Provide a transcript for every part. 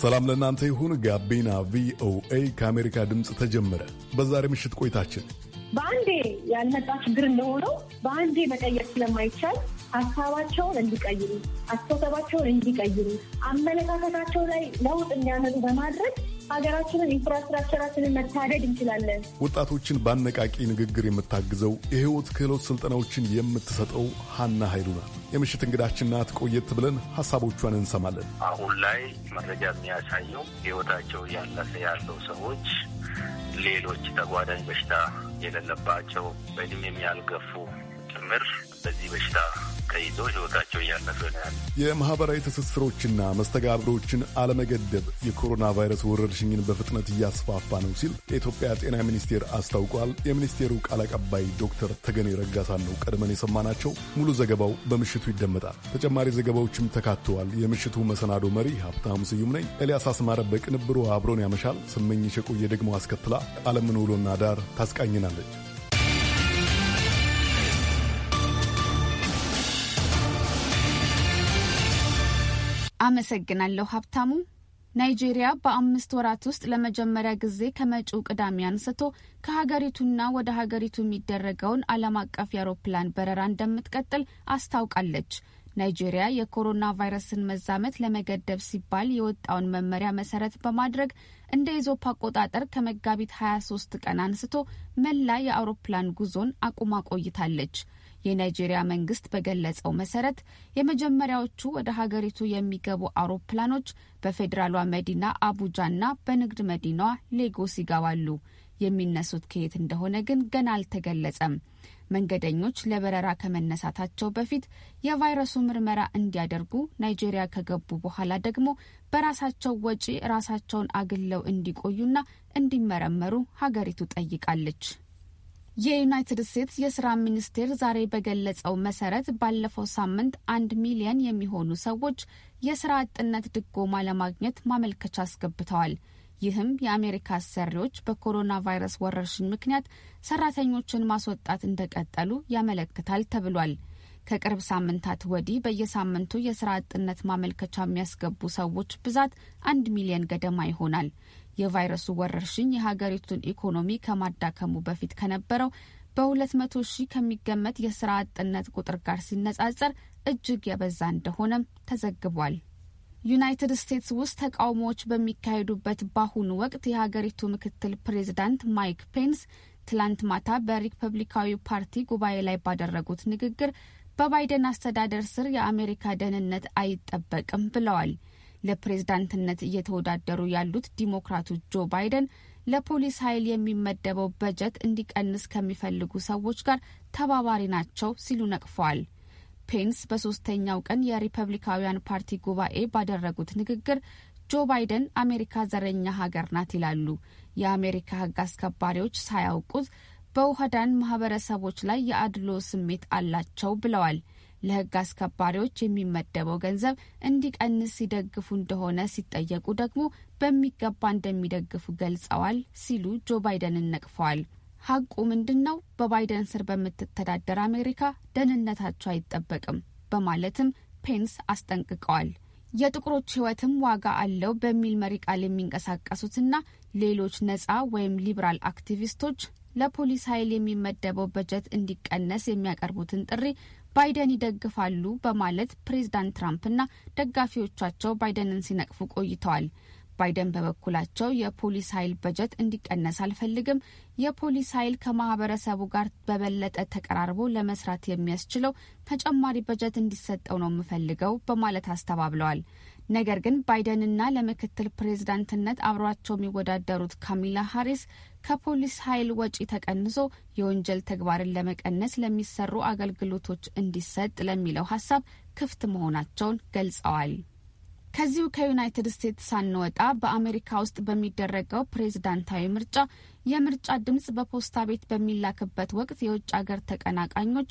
ሰላም ለእናንተ ይሁን። ጋቢና ቪኦኤ ከአሜሪካ ድምፅ ተጀመረ። በዛሬ ምሽት ቆይታችን በአንዴ ያልመጣ ችግር እንደሆነው በአንዴ መቀየር ስለማይቻል ሀሳባቸውን እንዲቀይሩ፣ አስተሳሰባቸውን እንዲቀይሩ፣ አመለካከታቸው ላይ ለውጥ እንዲያመጡ በማድረግ ሀገራችንን ኢንፍራስትራክቸራችንን መታደግ እንችላለን። ወጣቶችን በአነቃቂ ንግግር የምታግዘው የህይወት ክህሎት ስልጠናዎችን የምትሰጠው ሀና ኃይሉ ናት። የምሽት እንግዳችን ናት። ቆየት ብለን ሀሳቦቿን እንሰማለን። አሁን ላይ መረጃ የሚያሳየው ህይወታቸው እያለፈ ያለው ሰዎች ሌሎች ተጓዳኝ በሽታ የሌለባቸው በእድሜም ያልገፉ ጭምር በዚህ በሽታ ተይዞ ህይወታቸው እያለፈ ነው ያለ። የማህበራዊ ትስስሮችና መስተጋብሮችን አለመገደብ የኮሮና ቫይረስ ወረርሽኝን በፍጥነት እያስፋፋ ነው ሲል የኢትዮጵያ ጤና ሚኒስቴር አስታውቋል። የሚኒስቴሩ ቃል አቀባይ ዶክተር ተገኔ ረጋሳን ነው ቀድመን የሰማናቸው። ሙሉ ዘገባው በምሽቱ ይደመጣል። ተጨማሪ ዘገባዎችም ተካተዋል። የምሽቱ መሰናዶ መሪ ሀብታሙ ስዩም ነኝ። ኤልያስ አስማረ በቅንብሩ አብሮን ያመሻል። ስመኝ ሸቁ ደግሞ አስከትላ አለምን ውሎና ዳር ታስቃኝናለች። አመሰግናለሁ ሀብታሙ። ናይጄሪያ በአምስት ወራት ውስጥ ለመጀመሪያ ጊዜ ከመጪው ቅዳሜ አንስቶ ከሀገሪቱና ወደ ሀገሪቱ የሚደረገውን ዓለም አቀፍ የአውሮፕላን በረራ እንደምትቀጥል አስታውቃለች። ናይጄሪያ የኮሮና ቫይረስን መዛመት ለመገደብ ሲባል የወጣውን መመሪያ መሰረት በማድረግ እንደ ኢዞፕ አቆጣጠር ከመጋቢት 23 ቀን አንስቶ መላ የአውሮፕላን ጉዞን አቁማ ቆይታለች። የናይጄሪያ መንግስት በገለጸው መሰረት የመጀመሪያዎቹ ወደ ሀገሪቱ የሚገቡ አውሮፕላኖች በፌዴራሏ መዲና አቡጃና በንግድ መዲናዋ ሌጎስ ይገባሉ። የሚነሱት ከየት እንደሆነ ግን ገና አልተገለጸም። መንገደኞች ለበረራ ከመነሳታቸው በፊት የቫይረሱ ምርመራ እንዲያደርጉ፣ ናይጄሪያ ከገቡ በኋላ ደግሞ በራሳቸው ወጪ ራሳቸውን አግለው እንዲቆዩና እንዲመረመሩ ሀገሪቱ ጠይቃለች። የዩናይትድ ስቴትስ የስራ ሚኒስቴር ዛሬ በገለጸው መሰረት ባለፈው ሳምንት አንድ ሚሊየን የሚሆኑ ሰዎች የስራ አጥነት ድጎማ ለማግኘት ማመልከቻ አስገብተዋል። ይህም የአሜሪካ አሰሪዎች በኮሮና ቫይረስ ወረርሽኝ ምክንያት ሰራተኞችን ማስወጣት እንደቀጠሉ ያመለክታል ተብሏል። ከቅርብ ሳምንታት ወዲህ በየሳምንቱ የስራ አጥነት ማመልከቻ የሚያስገቡ ሰዎች ብዛት አንድ ሚሊየን ገደማ ይሆናል። የቫይረሱ ወረርሽኝ የሀገሪቱን ኢኮኖሚ ከማዳከሙ በፊት ከነበረው በ200 ሺህ ከሚገመት የስራ አጥነት ቁጥር ጋር ሲነጻጸር እጅግ የበዛ እንደሆነም ተዘግቧል። ዩናይትድ ስቴትስ ውስጥ ተቃውሞዎች በሚካሄዱበት በአሁኑ ወቅት የሀገሪቱ ምክትል ፕሬዚዳንት ማይክ ፔንስ ትላንት ማታ በሪፐብሊካዊ ፓርቲ ጉባኤ ላይ ባደረጉት ንግግር በባይደን አስተዳደር ስር የአሜሪካ ደህንነት አይጠበቅም ብለዋል። ለፕሬዝዳንትነት እየተወዳደሩ ያሉት ዲሞክራቱ ጆ ባይደን ለፖሊስ ኃይል የሚመደበው በጀት እንዲቀንስ ከሚፈልጉ ሰዎች ጋር ተባባሪ ናቸው ሲሉ ነቅፈዋል። ፔንስ በሶስተኛው ቀን የሪፐብሊካውያን ፓርቲ ጉባኤ ባደረጉት ንግግር ጆ ባይደን አሜሪካ ዘረኛ ሀገር ናት ይላሉ። የአሜሪካ ሕግ አስከባሪዎች ሳያውቁት በውህዳን ማህበረሰቦች ላይ የአድሎ ስሜት አላቸው ብለዋል። ለህግ አስከባሪዎች የሚመደበው ገንዘብ እንዲቀንስ ሲደግፉ እንደሆነ ሲጠየቁ ደግሞ በሚገባ እንደሚደግፉ ገልጸዋል ሲሉ ጆ ባይደንን ነቅፈዋል። ሀቁ ምንድን ነው? በባይደን ስር በምትተዳደር አሜሪካ ደህንነታቸው አይጠበቅም በማለትም ፔንስ አስጠንቅቀዋል። የጥቁሮች ህይወትም ዋጋ አለው በሚል መሪ ቃል የሚንቀሳቀሱትና ሌሎች ነጻ ወይም ሊብራል አክቲቪስቶች ለፖሊስ ኃይል የሚመደበው በጀት እንዲቀነስ የሚያቀርቡትን ጥሪ ባይደን ይደግፋሉ በማለት ፕሬዝዳንት ትራምፕና ደጋፊዎቻቸው ባይደንን ሲነቅፉ ቆይተዋል። ባይደን በበኩላቸው የፖሊስ ኃይል በጀት እንዲቀነስ አልፈልግም። የፖሊስ ኃይል ከማህበረሰቡ ጋር በበለጠ ተቀራርቦ ለመስራት የሚያስችለው ተጨማሪ በጀት እንዲሰጠው ነው የምፈልገው በማለት አስተባብለዋል። ነገር ግን ባይደንና ለምክትል ፕሬዝዳንትነት አብሯቸው የሚወዳደሩት ካሚላ ሀሪስ ከፖሊስ ኃይል ወጪ ተቀንሶ የወንጀል ተግባርን ለመቀነስ ለሚሰሩ አገልግሎቶች እንዲሰጥ ለሚለው ሀሳብ ክፍት መሆናቸውን ገልጸዋል። ከዚሁ ከዩናይትድ ስቴትስ ሳንወጣ በአሜሪካ ውስጥ በሚደረገው ፕሬዝዳንታዊ ምርጫ የምርጫ ድምፅ በፖስታ ቤት በሚላክበት ወቅት የውጭ አገር ተቀናቃኞች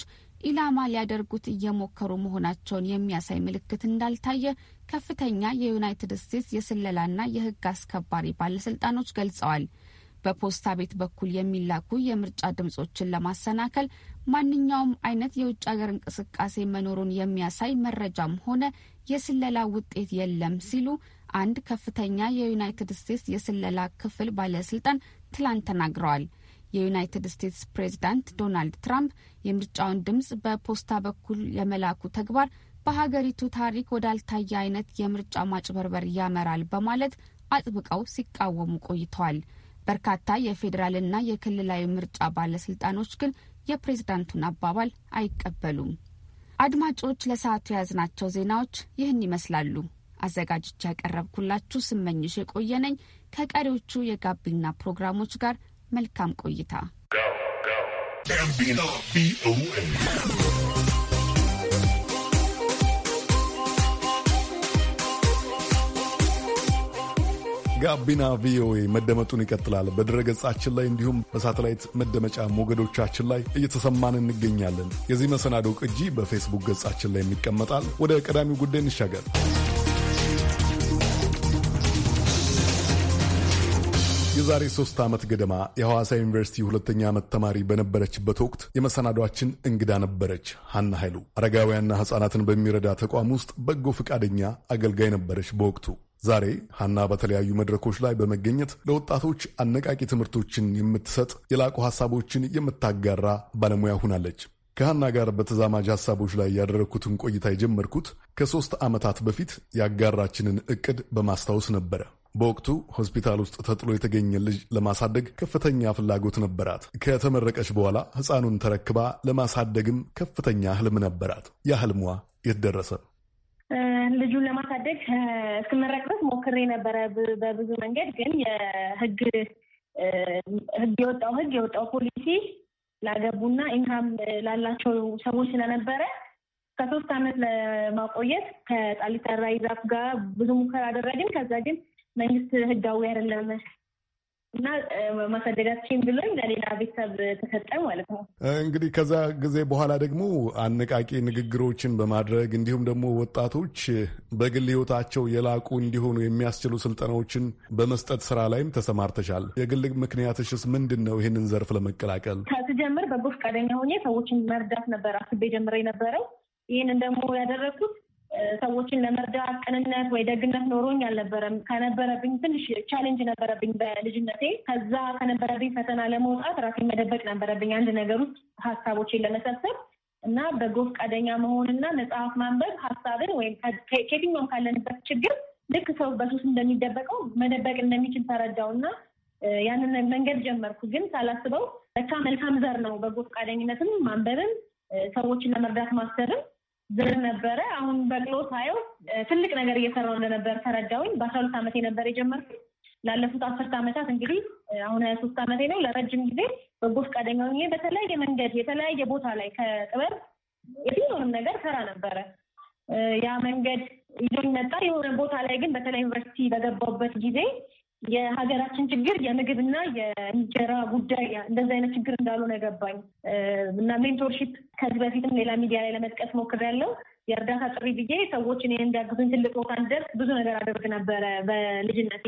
ኢላማ ሊያደርጉት እየሞከሩ መሆናቸውን የሚያሳይ ምልክት እንዳልታየ ከፍተኛ የዩናይትድ ስቴትስ የስለላና የሕግ አስከባሪ ባለስልጣኖች ገልጸዋል። በፖስታ ቤት በኩል የሚላኩ የምርጫ ድምጾችን ለማሰናከል ማንኛውም አይነት የውጭ ሀገር እንቅስቃሴ መኖሩን የሚያሳይ መረጃም ሆነ የስለላ ውጤት የለም ሲሉ አንድ ከፍተኛ የዩናይትድ ስቴትስ የስለላ ክፍል ባለስልጣን ትላንት ተናግረዋል። የዩናይትድ ስቴትስ ፕሬዝዳንት ዶናልድ ትራምፕ የምርጫውን ድምፅ በፖስታ በኩል የመላኩ ተግባር በሀገሪቱ ታሪክ ወዳልታየ አይነት የምርጫ ማጭበርበር ያመራል በማለት አጥብቀው ሲቃወሙ ቆይተዋል። በርካታ የፌዴራልና የክልላዊ ምርጫ ባለስልጣኖች ግን የፕሬዝዳንቱን አባባል አይቀበሉም። አድማጮች፣ ለሰዓቱ የያዝናቸው ዜናዎች ይህን ይመስላሉ። አዘጋጅቻ ያቀረብኩላችሁ ስመኝሽ የቆየነኝ ከቀሪዎቹ የጋቢና ፕሮግራሞች ጋር መልካም ቆይታ። ጋቢና ቪኦኤ መደመጡን ይቀጥላል። በድረገጻችን ላይ እንዲሁም በሳተላይት መደመጫ ሞገዶቻችን ላይ እየተሰማን እንገኛለን። የዚህ መሰናዶ ቅጂ በፌስቡክ ገጻችን ላይ የሚቀመጣል። ወደ ቀዳሚው ጉዳይ እንሻገር። የዛሬ ሶስት ዓመት ገደማ የሐዋሳ ዩኒቨርሲቲ ሁለተኛ ዓመት ተማሪ በነበረችበት ወቅት የመሰናዷችን እንግዳ ነበረች። ሀና ኃይሉ አረጋውያንና ሕፃናትን በሚረዳ ተቋም ውስጥ በጎ ፈቃደኛ አገልጋይ ነበረች በወቅቱ። ዛሬ ሀና በተለያዩ መድረኮች ላይ በመገኘት ለወጣቶች አነቃቂ ትምህርቶችን የምትሰጥ የላቁ ሐሳቦችን የምታጋራ ባለሙያ ሁናለች። ከሀና ጋር በተዛማጅ ሐሳቦች ላይ ያደረግኩትን ቆይታ የጀመርኩት ከሦስት ዓመታት በፊት ያጋራችንን ዕቅድ በማስታወስ ነበረ። በወቅቱ ሆስፒታል ውስጥ ተጥሎ የተገኘ ልጅ ለማሳደግ ከፍተኛ ፍላጎት ነበራት። ከተመረቀች በኋላ ሕፃኑን ተረክባ ለማሳደግም ከፍተኛ ህልም ነበራት። ያ የተደረሰ የት ደረሰ? ልጁን ለማሳደግ እስክመረቅበት ሞክር ሞክሬ ነበረ በብዙ መንገድ። ግን የህግ ህግ የወጣው ህግ የወጣው ፖሊሲ ላገቡና ኢንካም ላላቸው ሰዎች ስለነበረ ከሶስት አመት ለማቆየት ከጣሊታ ጋር ብዙ ሙከራ አደረግን። ከዛ ግን መንግስት ህጋዊ አይደለም እና ማሳደጋችን ብሎኝ ለሌላ ቤተሰብ ተሰጠ ማለት ነው። እንግዲህ ከዛ ጊዜ በኋላ ደግሞ አነቃቂ ንግግሮችን በማድረግ እንዲሁም ደግሞ ወጣቶች በግል ህይወታቸው የላቁ እንዲሆኑ የሚያስችሉ ስልጠናዎችን በመስጠት ስራ ላይም ተሰማርተሻል። የግል ምክንያትሽስ ምንድን ነው? ይህንን ዘርፍ ለመቀላቀል ከስጀምር በጎ ፈቃደኛ ሆኜ ሰዎችን መርዳት ነበር አስቤ ጀምሬ የነበረው። ይህንን ደግሞ ያደረግኩት ሰዎችን ለመርዳት ቅንነት ወይ ደግነት ኖሮኝ አልነበረም። ከነበረብኝ ትንሽ ቻሌንጅ ነበረብኝ በልጅነቴ። ከዛ ከነበረብኝ ፈተና ለመውጣት ራሴ መደበቅ ነበረብኝ አንድ ነገር ውስጥ ሀሳቦችን ለመሰብሰብ እና በጎ ፈቃደኛ መሆንና መጽሐፍ ማንበብ ሀሳብን ወይም ከየትኛውም ካለንበት ችግር ልክ ሰው በሱስ እንደሚደበቀው መደበቅ እንደሚችል ተረዳው እና ያንን መንገድ ጀመርኩ። ግን ሳላስበው ለካ መልካም ዘር ነው በጎ ፈቃደኝነትም ማንበብም ሰዎችን ለመርዳት ማሰብም ዝር ነበረ። አሁን በቅሎ ሳየው ትልቅ ነገር እየሰራው እንደነበር ተረዳውኝ። በአስራ ሁለት ዓመቴ ነበር የጀመርኩት። ላለፉት አስርት ዓመታት እንግዲህ አሁን ሀያ ሶስት ዓመቴ ነው። ለረጅም ጊዜ በጎ ፈቃደኛ ሆኜ በተለያየ መንገድ የተለያየ ቦታ ላይ ከጥበብ የትኛውንም ነገር ሰራ ነበረ። ያ መንገድ ይዞኝ መጣ። የሆነ ቦታ ላይ ግን በተለይ ዩኒቨርሲቲ በገባሁበት ጊዜ የሀገራችን ችግር የምግብና የእንጀራ ጉዳይ እንደዚህ አይነት ችግር እንዳልሆነ ገባኝ እና ሜንቶርሺፕ ከዚህ በፊትም ሌላ ሚዲያ ላይ ለመጥቀስ ሞክሬያለሁ። የእርዳታ ጥሪ ብዬ ሰዎች እኔ እንዲያግዙኝ ትልቅ ቦታ እንድደርስ ብዙ ነገር አደርግ ነበረ። በልጅነቴ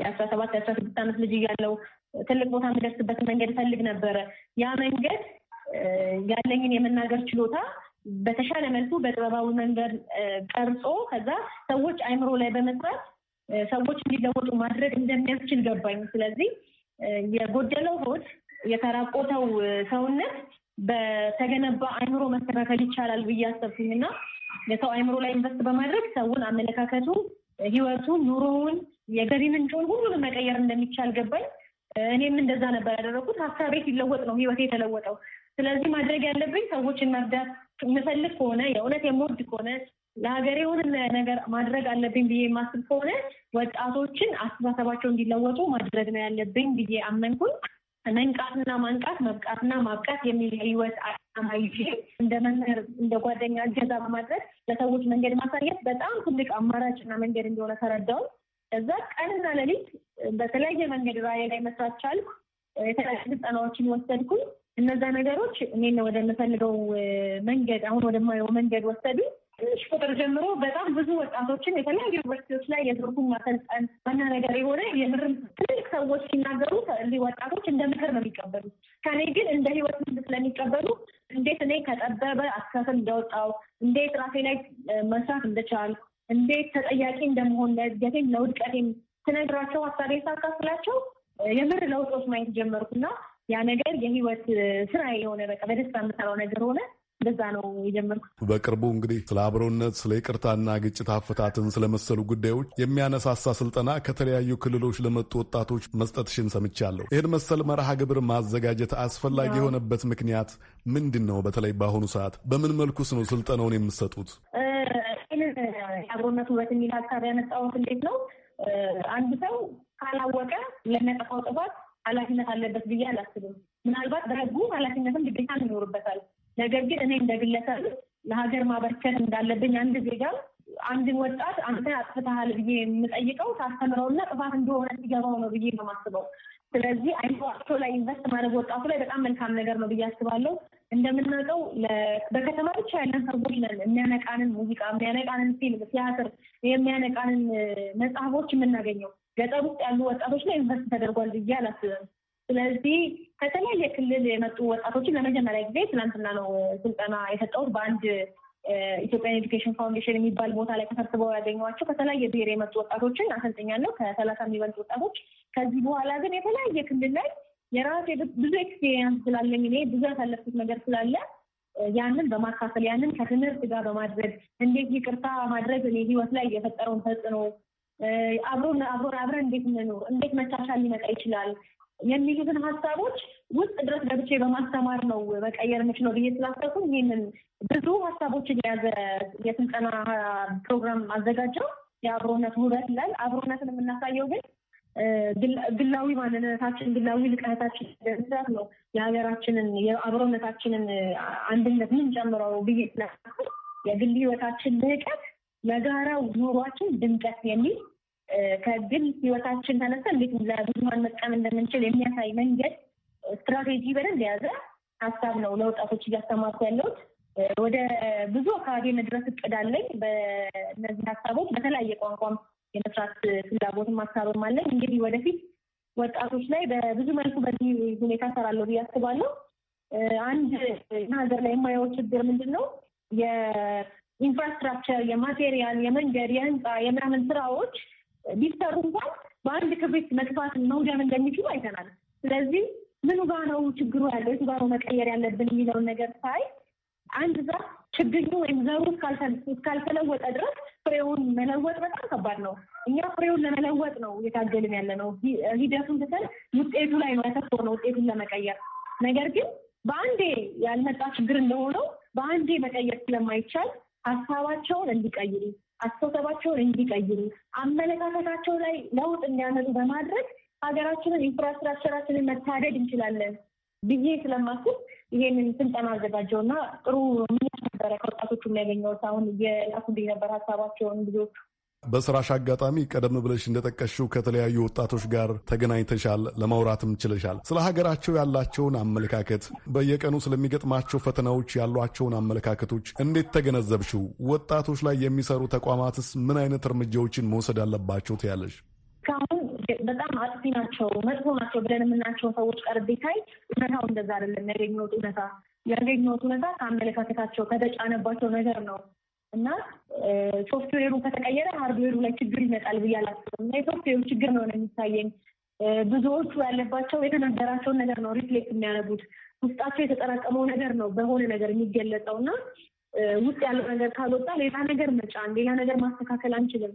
የአስራ ሰባት የአስራ ስድስት ዓመት ልጅ እያለሁ ትልቅ ቦታ የምደርስበት መንገድ እፈልግ ነበረ። ያ መንገድ ያለኝን የመናገር ችሎታ በተሻለ መልኩ በጥበባዊ መንገድ ቀርጾ ከዛ ሰዎች አይምሮ ላይ በመስራት ሰዎች እንዲለወጡ ማድረግ እንደሚያስችል ገባኝ። ስለዚህ የጎደለው ሆድ፣ የተራቆተው ሰውነት በተገነባ አእምሮ መስተካከል ይቻላል ብዬ አሰብኩኝ እና የሰው አይምሮ ላይ ኢንቨስት በማድረግ ሰውን አመለካከቱ፣ ህይወቱ ኑሮውን፣ የገቢ ምንጩን ሁሉንም መቀየር እንደሚቻል ገባኝ። እኔም እንደዛ ነበር ያደረኩት። ሀሳቤ ሲለወጥ ነው ህይወቴ የተለወጠው። ስለዚህ ማድረግ ያለብኝ ሰዎችን መርዳት የምፈልግ ከሆነ የእውነት የምወድ ከሆነ ለሀገሬ የሆነ ነገር ማድረግ አለብኝ ብዬ የማስብ ከሆነ ወጣቶችን አስተሳሰባቸው እንዲለወጡ ማድረግ ነው ያለብኝ ብዬ አመንኩኝ። መንቃትና ማንቃት፣ መብቃትና ማብቃት የሚል ህይወት አላማ ይዤ እንደ መምህር እንደ ጓደኛ እገዛ በማድረግ ለሰዎች መንገድ ማሳየት በጣም ትልቅ አማራጭና መንገድ እንደሆነ ተረዳው። ከዛ ቀንና ሌሊት በተለያየ መንገድ ራዕይ ላይ መስራት ቻልኩ። የተለያዩ ስልጠናዎችን ወሰድኩኝ። እነዛ ነገሮች እኔን ወደምፈልገው መንገድ አሁን ወደማየው መንገድ ወሰዱኝ። ቁጥር ጀምሮ በጣም ብዙ ወጣቶችን የተለያዩ ዩኒቨርሲቲዎች ላይ የትርጉም ማሰልጠን ዋና ነገር የሆነ የምርም ትልቅ ሰዎች ሲናገሩ እዚህ ወጣቶች እንደ ምክር ነው የሚቀበሉ። ከኔ ግን እንደ ህይወት ምክር ስለሚቀበሉ እንዴት እኔ ከጠበበ አስተሳሰብ እንደወጣው፣ እንዴት ራሴ ላይ መስራት እንደቻል፣ እንዴት ተጠያቂ እንደመሆን ለእድገቴም ለውድቀቴም ስነግራቸው ሀሳቤ ሳካፍላቸው የምር ለውጦች ማየት ጀመርኩና ያ ነገር የህይወት ስራ የሆነ በቃ በደስታ የምሰራው ነገር ሆነ። እንደዛ ነው የጀመርኩት። በቅርቡ እንግዲህ ስለ አብሮነት፣ ስለ ይቅርታና ግጭት አፈታትን ስለመሰሉ ጉዳዮች የሚያነሳሳ ስልጠና ከተለያዩ ክልሎች ለመጡ ወጣቶች መስጠትሽን ሰምቻለሁ። ይህን መሰል መርሃ ግብር ማዘጋጀት አስፈላጊ የሆነበት ምክንያት ምንድን ነው? በተለይ በአሁኑ ሰዓት በምን መልኩስ ነው ስልጠናውን የምትሰጡት? ይህንን የአብሮነት ውበት የሚል ሀሳብ ያነሳሁት እንዴት ነው አንድ ሰው ካላወቀ ለሚያጠፋው ጥፋት ኃላፊነት አለበት ብዬ አላስብም። ምናልባት በህጉ ኃላፊነትም ግዴታ ይኖርበታል። ነገር ግን እኔ እንደ ግለሰብ ለሀገር ማበርከት እንዳለብኝ አንድ ዜጋ አንድን ወጣት አንተ አጥፍተሃል ብዬ የምጠይቀው ሳስተምረውና ጥፋት እንደሆነ ሲገባው ነው ብዬ ነው የማስበው። ስለዚህ አይምሯቸው ላይ ኢንቨስት ማድረግ ወጣቱ ላይ በጣም መልካም ነገር ነው ብዬ አስባለሁ። እንደምናውቀው በከተማ ብቻ ያለን ሰዎች ነን የሚያነቃንን ሙዚቃ፣ የሚያነቃንን ፊልም፣ ቲያትር፣ የሚያነቃንን መጽሐፎች የምናገኘው ገጠር ውስጥ ያሉ ወጣቶች ላይ ኢንቨስት ተደርጓል ብዬ አላስብም። ስለዚህ ከተለያየ ክልል የመጡ ወጣቶችን ለመጀመሪያ ጊዜ ትናንትና ነው ስልጠና የሰጠሁት በአንድ ኢትዮጵያን ኤዱኬሽን ፋውንዴሽን የሚባል ቦታ ላይ ተሰብስበው ያገኘኋቸው ከተለያየ ብሔር የመጡ ወጣቶችን አሰልጠኛለሁ ከሰላሳ የሚበልጡ ወጣቶች። ከዚህ በኋላ ግን የተለያየ ክልል ላይ የራሴ ብዙ ኤክስፔሪንስ ስላለኝ እኔ ብዙ ያሳለፍኩት ነገር ስላለ ያንን በማካፈል ያንን ከትምህርት ጋር በማድረግ እንዴት ይቅርታ ማድረግ እኔ ህይወት ላይ የፈጠረውን ተጽዕኖ አብሮን አብሮ አብረን እንዴት እንኑር፣ እንዴት መቻቻል ሊመጣ ይችላል፣ የሚሉትን ሀሳቦች ውስጥ ድረስ ገብቼ በማስተማር ነው መቀየር የምችለው ብዬ ስላሰብኩ ይህንን ብዙ ሀሳቦችን የያዘ የስልጠና ፕሮግራም አዘጋጀው። የአብሮነት ውበት ይላል። አብሮነትን የምናሳየው ግን ግላዊ ማንነታችን፣ ግላዊ ልቀታችን ደንዛት ነው የሀገራችንን የአብሮነታችንን አንድነት ምን ጨምረው ብዬ ስላሰብኩ የግል ህይወታችን ልቀት ለጋራው ኑሯችን ድምቀት የሚል ከግል ህይወታችን ተነስተን እንዴት ለብዙሀን መጥቀም እንደምንችል የሚያሳይ መንገድ ስትራቴጂ በደንብ የያዘ ሀሳብ ነው ለወጣቶች እያስተማርኩ ያለሁት። ወደ ብዙ አካባቢ የመድረስ እቅድ አለኝ። በእነዚህ ሀሳቦች በተለያየ ቋንቋም የመስራት ፍላጎትም ሀሳብም አለኝ። እንግዲህ ወደፊት ወጣቶች ላይ በብዙ መልኩ በዚህ ሁኔታ ሰራለሁ ብዬ አስባለሁ። አንድ ሀገር ላይ የማየው ችግር ምንድን ነው? የኢንፍራስትራክቸር፣ የማቴሪያል፣ የመንገድ፣ የህንፃ፣ የምናምን ስራዎች ቢሰሩ እንኳን በአንድ ክብሪት መጥፋት መውደም እንደሚችሉ አይተናል። ስለዚህ ምኑ ጋ ነው ችግሩ ያለው የቱ ጋ ነው መቀየር ያለብን የሚለውን ነገር ሳይ አንድ ዛ ችግኙ ወይም ዘሩ እስካልተለወጠ ድረስ ፍሬውን መለወጥ በጣም ከባድ ነው። እኛ ፍሬውን ለመለወጥ ነው እየታገልን ያለ ነው። ሂደቱን ትተን ውጤቱ ላይ ነው ነው ውጤቱን ለመቀየር ነገር ግን በአንዴ ያልመጣ ችግር እንደሆነው በአንዴ መቀየር ስለማይቻል ሀሳባቸውን እንዲቀይሩ አስተሳሰባቸውን እንዲቀይሩ አመለካከታቸው ላይ ለውጥ እንዲያመጡ በማድረግ ሀገራችንን ኢንፍራስትራክቸራችንን መታደግ እንችላለን ብዬ ስለማስብ ይሄንን ስልጠና አዘጋጀውና ጥሩ ነበረ ከወጣቶቹ የሚያገኘው አሁን የላኩልኝ ነበር ሀሳባቸውን ልጆቹ በስራሽ አጋጣሚ ቀደም ብለሽ እንደጠቀሽው ከተለያዩ ወጣቶች ጋር ተገናኝተሻል፣ ለማውራትም ችለሻል። ስለ ሀገራቸው ያላቸውን አመለካከት፣ በየቀኑ ስለሚገጥማቸው ፈተናዎች ያሏቸውን አመለካከቶች እንዴት ተገነዘብሽው? ወጣቶች ላይ የሚሰሩ ተቋማትስ ምን አይነት እርምጃዎችን መውሰድ አለባቸው ትያለሽ? በጣም አጥፊ ናቸው፣ መጥፎ ናቸው ብለን የምናቸው ሰዎች ቀርቤ ሳይ እውነታው እንደዛ አይደለም። ያገኘሁት እውነታ ያገኘሁት እውነታ ከአመለካከታቸው ከተጫነባቸው ነገር ነው እና ሶፍትዌሩ ከተቀየረ ሀርድዌሩ ላይ ችግር ይመጣል ብዬ አላስብም። እና የሶፍትዌሩ ችግር ነው የሚታየኝ። ብዙዎቹ ያለባቸው የተነገራቸውን ነገር ነው ሪፍሌክት የሚያደርጉት። ውስጣቸው የተጠራቀመው ነገር ነው በሆነ ነገር የሚገለጠው። እና ውስጥ ያለው ነገር ካልወጣ ሌላ ነገር መጫን፣ ሌላ ነገር ማስተካከል አንችልም።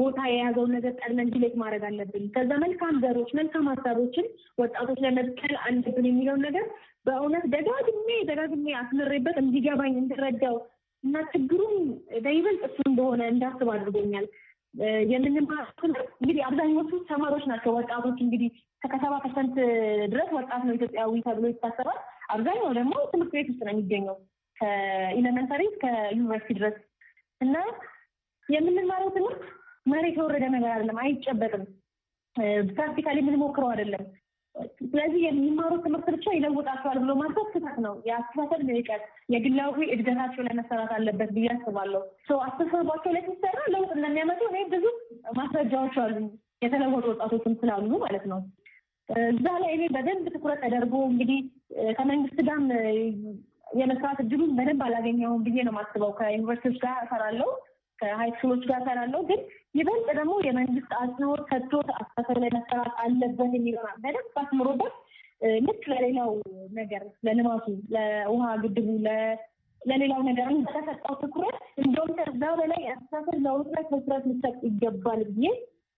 ቦታ የያዘውን ነገር ቀድመን ዲሌት ማድረግ አለብን። ከዛ መልካም ዘሮች፣ መልካም ሀሳቦችን ወጣቶች ላይ አለብን የሚለውን ነገር በእውነት ደጋግሜ ደጋግሜ አስምሬበት እንዲገባኝ እንድረዳው እና ችግሩም በይበልጥ እሱ እንደሆነ እንዳስብ አድርጎኛል። የምንማር እንግዲህ አብዛኞቹ ተማሪዎች ናቸው ወጣቶች። እንግዲህ ከሰባ ፐርሰንት ድረስ ወጣት ነው ኢትዮጵያዊ ተብሎ ይታሰባል። አብዛኛው ደግሞ ትምህርት ቤት ውስጥ ነው የሚገኘው ከኢለመንታሪ እስከ ዩኒቨርሲቲ ድረስ እና የምንማረው ትምህርት መሬት የወረደ ነገር አይደለም፣ አይጨበጥም። ፕራክቲካሊ የምንሞክረው አይደለም። ስለዚህ የሚማሩ ትምህርት ብቻ ይለውጣቸዋል ብሎ ማሰብ ስህተት ነው። የአስተሳሰብ ልዕቀት የግላዊ እድገታቸው ላይ መሰራት አለበት ብዬ አስባለሁ። አስተሳሰባቸው ላይ ሲሰራ ለውጥ እንደሚያመጡ እኔ ብዙ ማስረጃዎች አሉ፣ የተለወጡ ወጣቶችም ስላሉ ማለት ነው። እዛ ላይ እኔ በደንብ ትኩረት ተደርጎ እንግዲህ ከመንግስት ጋርም የመስራት እድሉን በደንብ አላገኘውም ብዬ ነው የማስበው። ከዩኒቨርሲቲዎች ጋር እሰራለሁ፣ ከሀይ ጋር እሰራለሁ ግን ይበልጥ ደግሞ የመንግስት አጽንኦት ሰጥቶት አስተሳሰብ ላይ መሰራት አለበት የሚለው በደንብ አስምሮበት ልክ ለሌላው ነገር ለልማቱ፣ ለውሃ ግድቡ፣ ለሌላው ነገር በተሰጠው ትኩረት እንደውም ከዛው በላይ አስተሳሰብ ለውጥ ላይ ትኩረት ሊሰጥ ይገባል ብዬ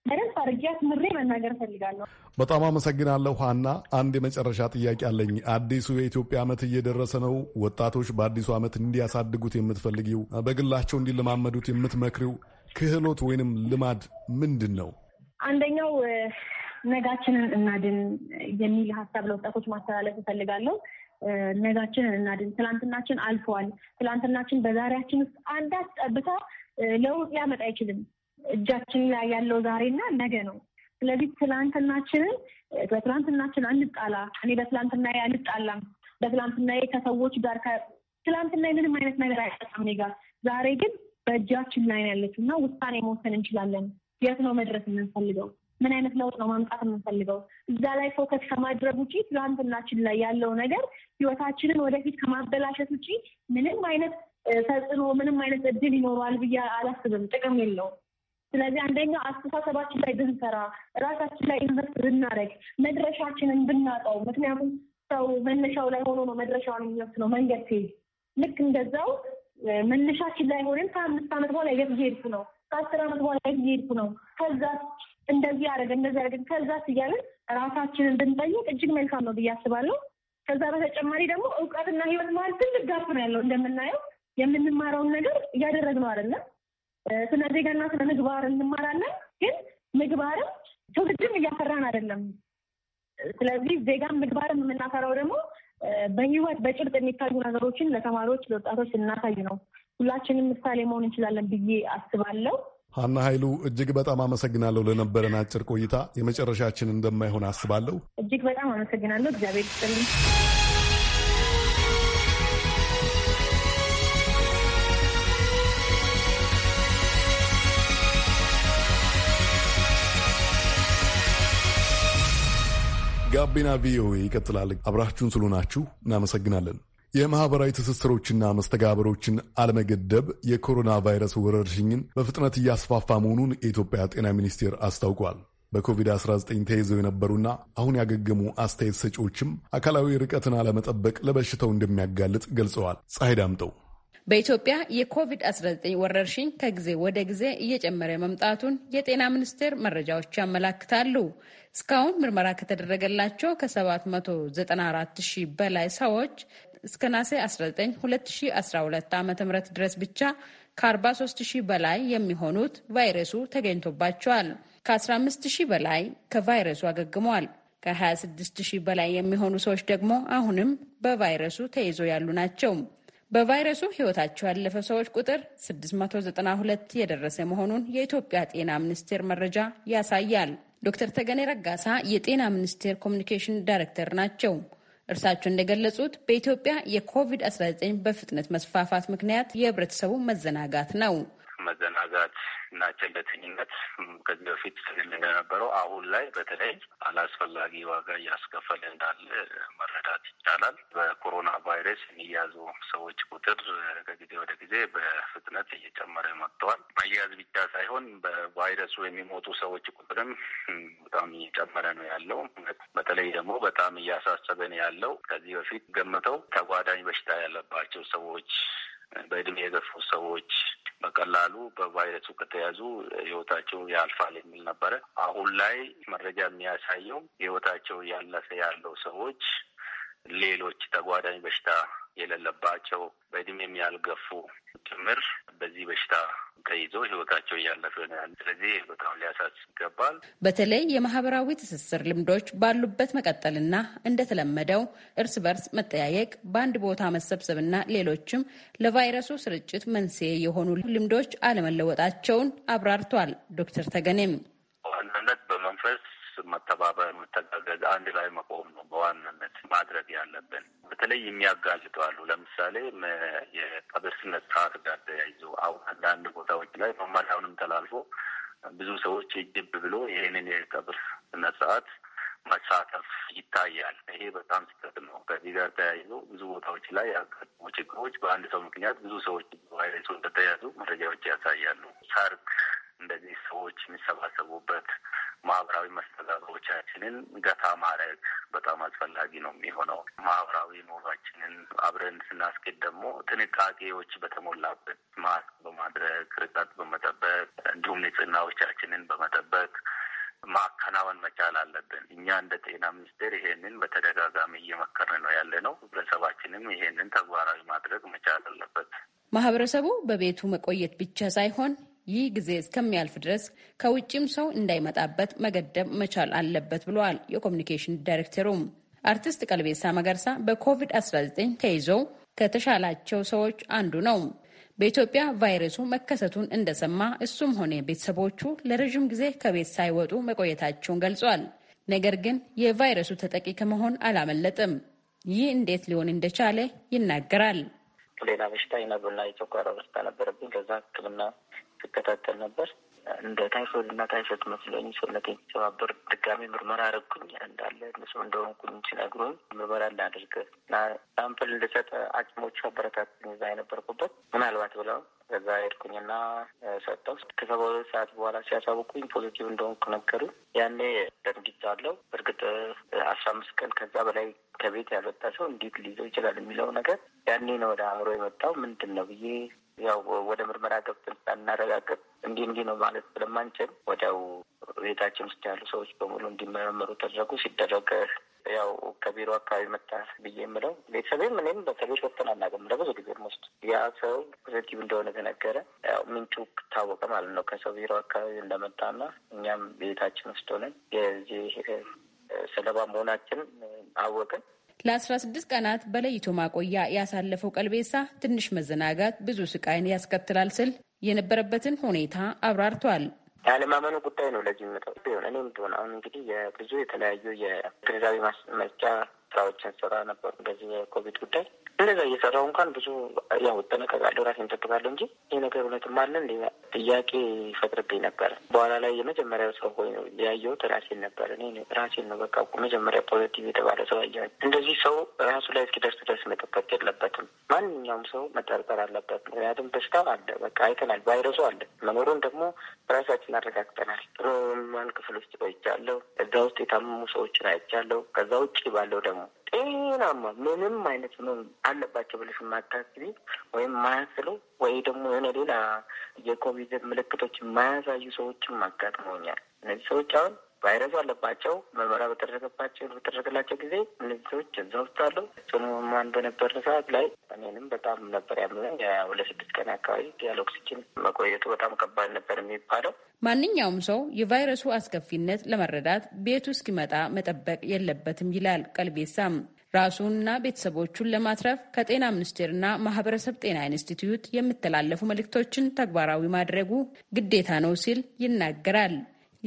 በደንብ አድርጌ አስምሬ መናገር እፈልጋለሁ። በጣም አመሰግናለሁ ሀና። አንድ የመጨረሻ ጥያቄ አለኝ። አዲሱ የኢትዮጵያ ዓመት እየደረሰ ነው። ወጣቶች በአዲሱ ዓመት እንዲያሳድጉት የምትፈልጊው፣ በግላቸው እንዲለማመዱት የምትመክሪው ክህሎት ወይንም ልማድ ምንድን ነው? አንደኛው ነጋችንን እናድን የሚል ሀሳብ ለወጣቶች ማስተላለፍ እፈልጋለሁ። ነጋችንን እናድን። ትላንትናችን አልፈዋል። ትላንትናችን በዛሬያችን ውስጥ አንዳች ጠብታ ለውጥ ሊያመጣ አይችልም። እጃችን ላይ ያለው ዛሬና ነገ ነው። ስለዚህ ትላንትናችንን በትላንትናችን አንጣላ። እኔ በትላንትና አልጣላም። በትላንትና ከሰዎች ጋር ትላንትና ምንም አይነት ነገር አይጠጣም እኔ ጋር ዛሬ ግን በእጃችን ላይ ያለች እና ውሳኔ መወሰን እንችላለን። የት ነው መድረስ የምንፈልገው? ምን አይነት ለውጥ ነው ማምጣት የምንፈልገው? እዛ ላይ ፎከስ ከማድረግ ውጭ ትላንትናችን ላይ ያለው ነገር ህይወታችንን ወደፊት ከማበላሸት ውጭ ምንም አይነት ተጽዕኖ፣ ምንም አይነት እድል ይኖረዋል ብዬ አላስብም። ጥቅም የለውም። ስለዚህ አንደኛው አስተሳሰባችን ላይ ብንሰራ፣ እራሳችን ላይ ኢንቨስት ብናደረግ፣ መድረሻችንን ብናጣው፣ ምክንያቱም ሰው መነሻው ላይ ሆኖ ነው መድረሻውን የሚወስነው መንገድ ሲሄድ ልክ እንደዛው መነሻችን ላይ ሆነን ከአምስት ዓመት በኋላ የት እየሄድኩ ነው፣ ከአስር ዓመት በኋላ የት እየሄድኩ ነው፣ ከዛ እንደዚህ አደረገ እንደዚህ አደረገ ከዛ እያለን ራሳችንን ብንጠይቅ እጅግ መልካም ነው ብዬ አስባለሁ። ከዛ በተጨማሪ ደግሞ እውቀትና ህይወት መሀል ትልቅ ጋፍ ነው ያለው። እንደምናየው የምንማረውን ነገር እያደረግነው አይደለም። ስነ ዜጋና ስነ ምግባር እንማራለን፣ ግን ምግባርም ትውልድም እያፈራን አይደለም። ስለዚህ ዜጋም ምግባርም የምናፈራው ደግሞ በህይወት በጭብጥ የሚታዩ ነገሮችን ለተማሪዎች ለወጣቶች ልናሳይ ነው። ሁላችንም ምሳሌ መሆን እንችላለን ብዬ አስባለሁ። ሀና ኃይሉ እጅግ በጣም አመሰግናለሁ ለነበረን አጭር ቆይታ። የመጨረሻችን እንደማይሆን አስባለሁ። እጅግ በጣም አመሰግናለሁ። እግዚአብሔር ይስጥልኝ። ጋቢና ቪኦኤ ይቀጥላል። አብራችሁን ስለሆናችሁ እናመሰግናለን። የማህበራዊ ትስስሮችና መስተጋበሮችን አለመገደብ የኮሮና ቫይረስ ወረርሽኝን በፍጥነት እያስፋፋ መሆኑን የኢትዮጵያ ጤና ሚኒስቴር አስታውቋል። በኮቪድ-19 ተይዘው የነበሩና አሁን ያገገሙ አስተያየት ሰጪዎችም አካላዊ ርቀትን አለመጠበቅ ለበሽታው እንደሚያጋልጥ ገልጸዋል። ፀሐይ ዳምጠው በኢትዮጵያ የኮቪድ-19 ወረርሽኝ ከጊዜ ወደ ጊዜ እየጨመረ መምጣቱን የጤና ሚኒስቴር መረጃዎች ያመላክታሉ። እስካሁን ምርመራ ከተደረገላቸው ከ794 ሺህ በላይ ሰዎች እስከ ናሴ 19 2012 ዓ ም ድረስ ብቻ ከ43 ሺህ በላይ የሚሆኑት ቫይረሱ ተገኝቶባቸዋል። ከ15 ሺህ በላይ ከቫይረሱ አገግመዋል። ከ26 ሺህ በላይ የሚሆኑ ሰዎች ደግሞ አሁንም በቫይረሱ ተይዞ ያሉ ናቸው። በቫይረሱ ህይወታቸው ያለፈ ሰዎች ቁጥር 692 የደረሰ መሆኑን የኢትዮጵያ ጤና ሚኒስቴር መረጃ ያሳያል። ዶክተር ተገኔ ረጋሳ የጤና ሚኒስቴር ኮሚኒኬሽን ዳይሬክተር ናቸው። እርሳቸው እንደገለጹት በኢትዮጵያ የኮቪድ-19 በፍጥነት መስፋፋት ምክንያት የህብረተሰቡ መዘናጋት ነው። መዘናጋት እና ቸልተኝነት ከዚህ በፊት ስንል እንደነበረው አሁን ላይ በተለይ አላስፈላጊ ዋጋ እያስከፈለ እንዳለ መረዳት ይቻላል። በኮሮና ቫይረስ የሚያዙ ሰዎች ቁጥር ከጊዜ ወደ ጊዜ በፍጥነት እየጨመረ መጥተዋል። መያዝ ብቻ ሳይሆን በቫይረሱ የሚሞቱ ሰዎች ቁጥርም በጣም እየጨመረ ነው ያለው። በተለይ ደግሞ በጣም እያሳሰበን ያለው ከዚህ በፊት ገምተው ተጓዳኝ በሽታ ያለባቸው ሰዎች በእድሜ የገፉ ሰዎች በቀላሉ በቫይረሱ ከተያዙ ህይወታቸው ያልፋል የሚል ነበረ። አሁን ላይ መረጃ የሚያሳየው ህይወታቸው ያለፈ ያለው ሰዎች ሌሎች ተጓዳኝ በሽታ የሌለባቸው በእድሜም ያልገፉ ጭምር በዚህ በሽታ ተይዞ ህይወታቸው እያለፈ ነው ያለ። ስለዚህ በጣም ሊያሳስብ ይገባል። በተለይ የማህበራዊ ትስስር ልምዶች ባሉበት መቀጠልና እንደተለመደው እርስ በርስ መጠያየቅ፣ በአንድ ቦታ መሰብሰብና ሌሎችም ለቫይረሱ ስርጭት መንስኤ የሆኑ ልምዶች አለመለወጣቸውን አብራርቷል ዶክተር ተገኔም መተባበር፣ መተጋገዝ፣ አንድ ላይ መቆም ነው በዋናነት ማድረግ ያለብን። በተለይ የሚያጋልጠዋሉ ለምሳሌ የቀብር ስነ ስርዓት ጋር ተያይዞ አሁን አንዳንድ ቦታዎች ላይ መመሪያውንም ተላልፎ ብዙ ሰዎች እጅብ ብሎ ይህንን የቀብር ስነ ስርዓት መሳተፍ ይታያል። ይሄ በጣም ስህተት ነው። ከዚህ ጋር ተያይዞ ብዙ ቦታዎች ላይ ያጋጥሙ ችግሮች በአንድ ሰው ምክንያት ብዙ ሰዎች ቫይረሱ እንደተያዙ መረጃዎች ያሳያሉ። ሰርግ እንደዚህ ሰዎች የሚሰባሰቡበት ማህበራዊ መስተጋብሮቻችንን ገታ ማድረግ በጣም አስፈላጊ ነው የሚሆነው። ማህበራዊ ኑሯችንን አብረን ስናስኬድ ደግሞ ጥንቃቄዎች በተሞላበት ማስክ በማድረግ ርቀት በመጠበቅ እንዲሁም ንጽህናዎቻችንን በመጠበቅ ማከናወን መቻል አለብን። እኛ እንደ ጤና ሚኒስቴር ይሄንን በተደጋጋሚ እየመከርን ነው ያለ ነው። ህብረተሰባችንም ይሄንን ተግባራዊ ማድረግ መቻል አለበት። ማህበረሰቡ በቤቱ መቆየት ብቻ ሳይሆን ይህ ጊዜ እስከሚያልፍ ድረስ ከውጭም ሰው እንዳይመጣበት መገደብ መቻል አለበት ብለዋል የኮሚኒኬሽን ዳይሬክተሩም። አርቲስት ቀልቤሳ መገርሳ በኮቪድ-19 ተይዘው ከተሻላቸው ሰዎች አንዱ ነው። በኢትዮጵያ ቫይረሱ መከሰቱን እንደሰማ እሱም ሆነ ቤተሰቦቹ ለረዥም ጊዜ ከቤት ሳይወጡ መቆየታቸውን ገልጿል። ነገር ግን የቫይረሱ ተጠቂ ከመሆን አላመለጥም። ይህ እንዴት ሊሆን እንደቻለ ይናገራል። ሌላ በሽታ ይነብሩና የጨጓራ በሽታ ነበረብኝ። ከዛ ሕክምና ስከታተል ነበር። እንደ ታይፎይድ እና ታይፎይድ መስለኝ ሰውነት የሚሰባበር ድጋሚ ምርመራ አረግኩኝ እንዳለ እነሱ እንደሆንኩኝ ሲነግሩኝ ምርመራ እንዳደርግ እና ሳምፕል እንደሰጠ አቅሞቹ አበረታትኝ እዛ የነበርኩበት ምናልባት ብለው ከዛ ሄድኩኝና ሰጠው። ከሰባ ሁለት ሰዓት በኋላ ሲያሳውቁኝ ፖዚቲቭ እንደሆንኩ ነገሩ። ያኔ አለው። እርግጥ አስራ አምስት ቀን ከዛ በላይ ከቤት ያልወጣ ሰው እንዴት ሊይዘው ይችላል የሚለው ነገር ያኔ ነው ወደ አእምሮ የመጣው። ምንድን ነው ብዬ ያው ወደ ምርመራ ገብተን እናረጋገጥ እንዲህ እንዲህ ነው ማለት ስለማንችል ወዲያው ቤታችን ውስጥ ያሉ ሰዎች በሙሉ እንዲመረመሩ ተደረጉ። ሲደረግ ያው ከቢሮ አካባቢ መጣ ብዬ የምለው ቤተሰቤም እኔም በተለይ ወጥተን አናውቅም። ለብዙ ጊዜ ውስጥ ያ ሰው ፖዘቲቭ እንደሆነ ተነገረ። ያው ምንጩ ታወቀ ማለት ነው። ከሰው ቢሮ አካባቢ እንደመጣና እኛም ቤታችን ውስጥ ሆነን የዚህ ሰለባ መሆናችን አወቅን። ለ16 ቀናት በለይቶ ማቆያ ያሳለፈው ቀልቤሳ ትንሽ መዘናጋት ብዙ ስቃይን ያስከትላል ስል የነበረበትን ሁኔታ አብራርቷል። ያለማመኑ ጉዳይ ነው ለዚህ የሚመጣው ሆነ እኔም ቢሆን አሁን እንግዲህ የብዙ የተለያዩ የግንዛቤ ማስመጫ ስራዎችን ሰራ ነበሩ። እንደዚህ የኮቪድ ጉዳይ እንደዛ እየሰራው እንኳን ብዙ ያው እጠነቀቃለሁ፣ ራሴን እጠብቃለሁ እንጂ ይህ ነገር እውነትም አለ ጥያቄ ይፈጥርብኝ ነበረ። በኋላ ላይ የመጀመሪያው ሰው ሆይ ነው ያየሁት ራሴን ነበር። እኔ ራሴን ነው በቃ መጀመሪያ ፖዘቲቭ የተባለ ሰው አየ። እንደዚህ ሰው ራሱ ላይ እስኪደርስ ድረስ መጠበቅ የለበትም። ማንኛውም ሰው መጠርጠር አለበት። ምክንያቱም በሽታው አለ፣ በቃ አይተናል፣ ቫይረሱ አለ። መኖሩን ደግሞ ራሳችን አረጋግጠናል። ሮማን ክፍል ውስጥ ቆይቻለሁ። እዛ ውስጥ የታመሙ ሰዎችን አይቻለሁ። ከዛ ውጭ ባለው ደግሞ ጤናማ ምንም አይነት ነው አለባቸው ብለሽ የማታስቢ ወይም ማያስለው ወይ ደግሞ የሆነ ሌላ የኮቪድ ምልክቶች የማያሳዩ ሰዎችም አጋጥመውኛል። እነዚህ ሰዎች አሁን ቫይረሱ አለባቸው። ምርመራ በተደረገባቸው በተደረገላቸው ጊዜ እነዚህ ሰዎች እዛ ውስጥ አሉ። ጽኑ ህሙማን በነበር ሰዓት ላይ እኔንም በጣም ነበር ያመመኝ። ስድስት ቀን አካባቢ ያለ ኦክሲጅን መቆየቱ በጣም ከባድ ነበር የሚባለው። ማንኛውም ሰው የቫይረሱ አስከፊነት ለመረዳት ቤቱ እስኪመጣ መጠበቅ የለበትም ይላል ቀልቤሳም። ራሱንና ቤተሰቦቹን ለማትረፍ ከጤና ሚኒስቴርና ማህበረሰብ ጤና ኢንስቲትዩት የሚተላለፉ መልእክቶችን ተግባራዊ ማድረጉ ግዴታ ነው ሲል ይናገራል።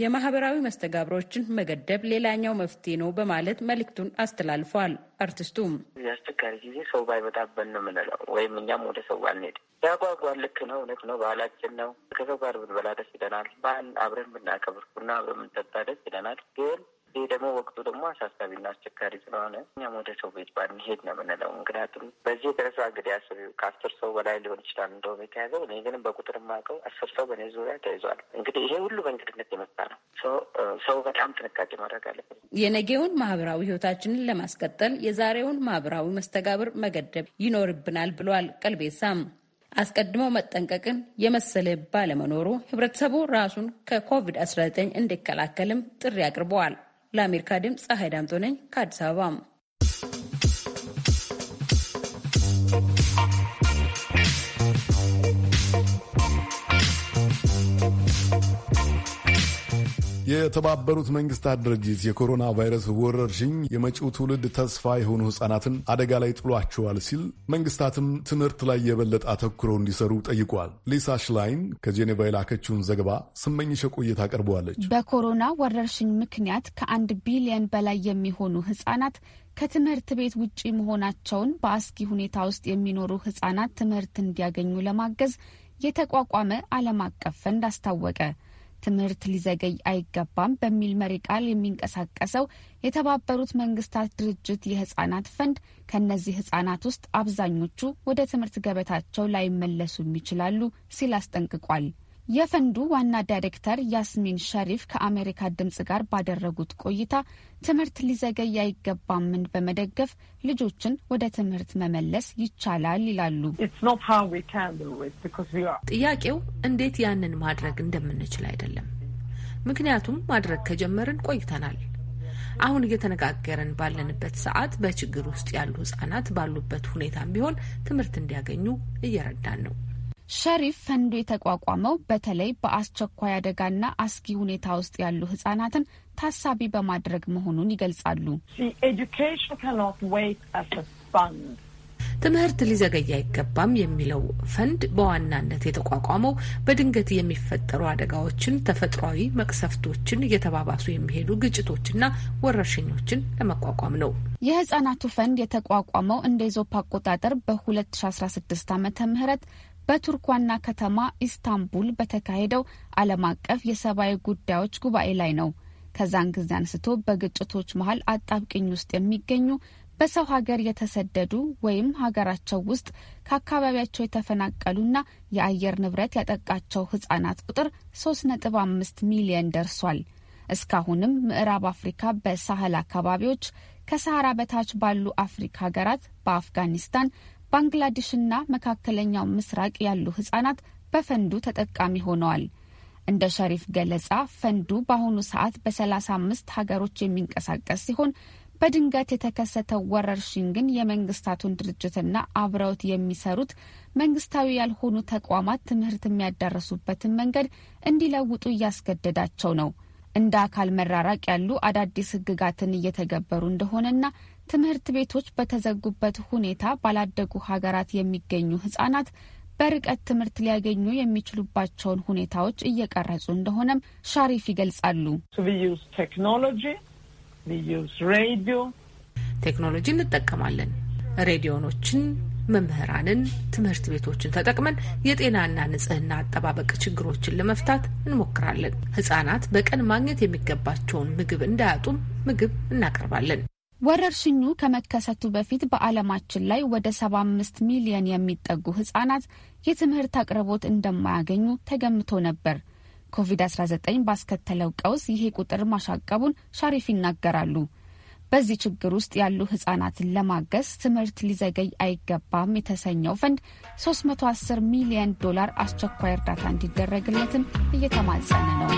የማህበራዊ መስተጋብሮችን መገደብ ሌላኛው መፍትሄ ነው በማለት መልእክቱን አስተላልፏል። አርቲስቱም አስቸጋሪ ጊዜ ሰው ባይመጣበን ነው የምንለው፣ ወይም እኛም ወደ ሰው ባንሄድ ያጓጓል ልክ ነው፣ እውነት ነው፣ ባህላችን ነው። ከሰው ጋር ብንበላ ደስ ይለናል። በዓል አብረን ብናከብር ቡና አብረን ብንጠጣ ደስ ይለናል። ግን ይህ ደግሞ ወቅቱ ደግሞ አሳሳቢና አስቸጋሪ ስለሆነ እኛም ወደ ሰው ቤት ባንሄድ ነው የምንለው። ምክንያቱም በዚህ የተነሳ እንግዲህ አስብ ከአስር ሰው በላይ ሊሆን ይችላል እንደውም የተያዘው። እኔ ግን በቁጥር የማውቀው አስር ሰው በእኔ ዙሪያ ተይዟል። እንግዲህ ይሄ ሁሉ በእንግድነት የመጣ ነው። ሰው በጣም ጥንቃቄ ማድረግ አለበት። የነገውን ማህበራዊ ህይወታችንን ለማስቀጠል የዛሬውን ማህበራዊ መስተጋብር መገደብ ይኖርብናል ብሏል ቀልቤሳም። አስቀድሞ መጠንቀቅን የመሰለ ባለመኖሩ ህብረተሰቡ ራሱን ከኮቪድ-19 እንዲከላከልም ጥሪ አቅርበዋል። ለአሜሪካ ድምፅ ፀሐይ ዳምጦ ነኝ ከአዲስ አበባ የተባበሩት መንግስታት ድርጅት የኮሮና ቫይረስ ወረርሽኝ የመጪው ትውልድ ተስፋ የሆኑ ህጻናትን አደጋ ላይ ጥሏቸዋል ሲል መንግስታትም ትምህርት ላይ የበለጠ አተኩረው እንዲሰሩ ጠይቋል። ሊሳ ሽላይን ከጄኔቫ የላከችውን ዘገባ ስመኝሽ ቆይታ አቀርበዋለች። በኮሮና ወረርሽኝ ምክንያት ከአንድ ቢሊየን በላይ የሚሆኑ ህጻናት ከትምህርት ቤት ውጪ መሆናቸውን በአስጊ ሁኔታ ውስጥ የሚኖሩ ህጻናት ትምህርት እንዲያገኙ ለማገዝ የተቋቋመ ዓለም አቀፍ ፈንድ አስታወቀ። ትምህርት ሊዘገይ አይገባም በሚል መሪ ቃል የሚንቀሳቀሰው የተባበሩት መንግስታት ድርጅት የህጻናት ፈንድ ከእነዚህ ህጻናት ውስጥ አብዛኞቹ ወደ ትምህርት ገበታቸው ላይመለሱም ይችላሉ ሲል አስጠንቅቋል። የፈንዱ ዋና ዳይሬክተር ያስሚን ሸሪፍ ከአሜሪካ ድምጽ ጋር ባደረጉት ቆይታ ትምህርት ሊዘገይ አይገባምን በመደገፍ ልጆችን ወደ ትምህርት መመለስ ይቻላል ይላሉ። ጥያቄው እንዴት ያንን ማድረግ እንደምንችል አይደለም። ምክንያቱም ማድረግ ከጀመርን ቆይተናል። አሁን እየተነጋገረን ባለንበት ሰዓት በችግር ውስጥ ያሉ ህጻናት ባሉበት ሁኔታም ቢሆን ትምህርት እንዲያገኙ እየረዳን ነው። ሸሪፍ ፈንዱ የተቋቋመው በተለይ በአስቸኳይ አደጋና አስጊ ሁኔታ ውስጥ ያሉ ህጻናትን ታሳቢ በማድረግ መሆኑን ይገልጻሉ። ትምህርት ሊዘገይ አይገባም የሚለው ፈንድ በዋናነት የተቋቋመው በድንገት የሚፈጠሩ አደጋዎችን፣ ተፈጥሯዊ መቅሰፍቶችን፣ እየተባባሱ የሚሄዱ ግጭቶችና ወረርሽኞችን ለመቋቋም ነው። የህጻናቱ ፈንድ የተቋቋመው እንደ ኢዞፕ አቆጣጠር በ2016 ዓ. ምህረት በቱርክ ዋና ከተማ ኢስታንቡል በተካሄደው ዓለም አቀፍ የሰብአዊ ጉዳዮች ጉባኤ ላይ ነው። ከዛን ጊዜ አንስቶ በግጭቶች መሀል አጣብቅኝ ውስጥ የሚገኙ በሰው ሀገር የተሰደዱ ወይም ሀገራቸው ውስጥ ከአካባቢያቸው የተፈናቀሉና የአየር ንብረት ያጠቃቸው ህጻናት ቁጥር 3.5 ሚሊየን ደርሷል። እስካሁንም ምዕራብ አፍሪካ በሳህል አካባቢዎች፣ ከሰሃራ በታች ባሉ አፍሪካ ሀገራት፣ በአፍጋኒስታን፣ ባንግላዴሽና መካከለኛው ምስራቅ ያሉ ህጻናት በፈንዱ ተጠቃሚ ሆነዋል። እንደ ሸሪፍ ገለጻ ፈንዱ በአሁኑ ሰዓት በ35 ሀገሮች የሚንቀሳቀስ ሲሆን በድንገት የተከሰተው ወረርሽኝ ግን የመንግስታቱን ድርጅትና አብረውት የሚሰሩት መንግስታዊ ያልሆኑ ተቋማት ትምህርት የሚያዳረሱበትን መንገድ እንዲለውጡ እያስገደዳቸው ነው። እንደ አካል መራራቅ ያሉ አዳዲስ ህግጋትን እየተገበሩ እንደሆነና ትምህርት ቤቶች በተዘጉበት ሁኔታ ባላደጉ ሀገራት የሚገኙ ህጻናት በርቀት ትምህርት ሊያገኙ የሚችሉባቸውን ሁኔታዎች እየቀረጹ እንደሆነም ሻሪፍ ይገልጻሉ። ቴክኖሎጂ እንጠቀማለን። ሬዲዮኖችን፣ መምህራንን፣ ትምህርት ቤቶችን ተጠቅመን የጤናና ንጽህና አጠባበቅ ችግሮችን ለመፍታት እንሞክራለን። ህጻናት በቀን ማግኘት የሚገባቸውን ምግብ እንዳያጡም ምግብ እናቀርባለን። ወረርሽኙ ከመከሰቱ በፊት በዓለማችን ላይ ወደ 75 ሚሊዮን የሚጠጉ ህጻናት የትምህርት አቅርቦት እንደማያገኙ ተገምቶ ነበር። ኮቪድ-19 ባስከተለው ቀውስ ይሄ ቁጥር ማሻቀቡን ሻሪፍ ይናገራሉ። በዚህ ችግር ውስጥ ያሉ ህጻናትን ለማገዝ ትምህርት ሊዘገይ አይገባም የተሰኘው ፈንድ 310 ሚሊዮን ዶላር አስቸኳይ እርዳታ እንዲደረግለትም እየተማጸነ ነው።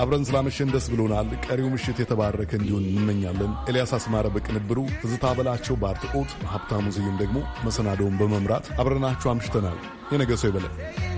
አብረን ስላመሸን ደስ ብሎናል። ቀሪው ምሽት የተባረከ እንዲሆን እንመኛለን። ኤልያስ አስማረ በቅንብሩ፣ ትዝታ በላቸው በአርትዖት፣ ሀብታሙ ደግሞ መሰናዶውን በመምራት አብረናችሁ አምሽተናል። የነገ ሰው ይበለን።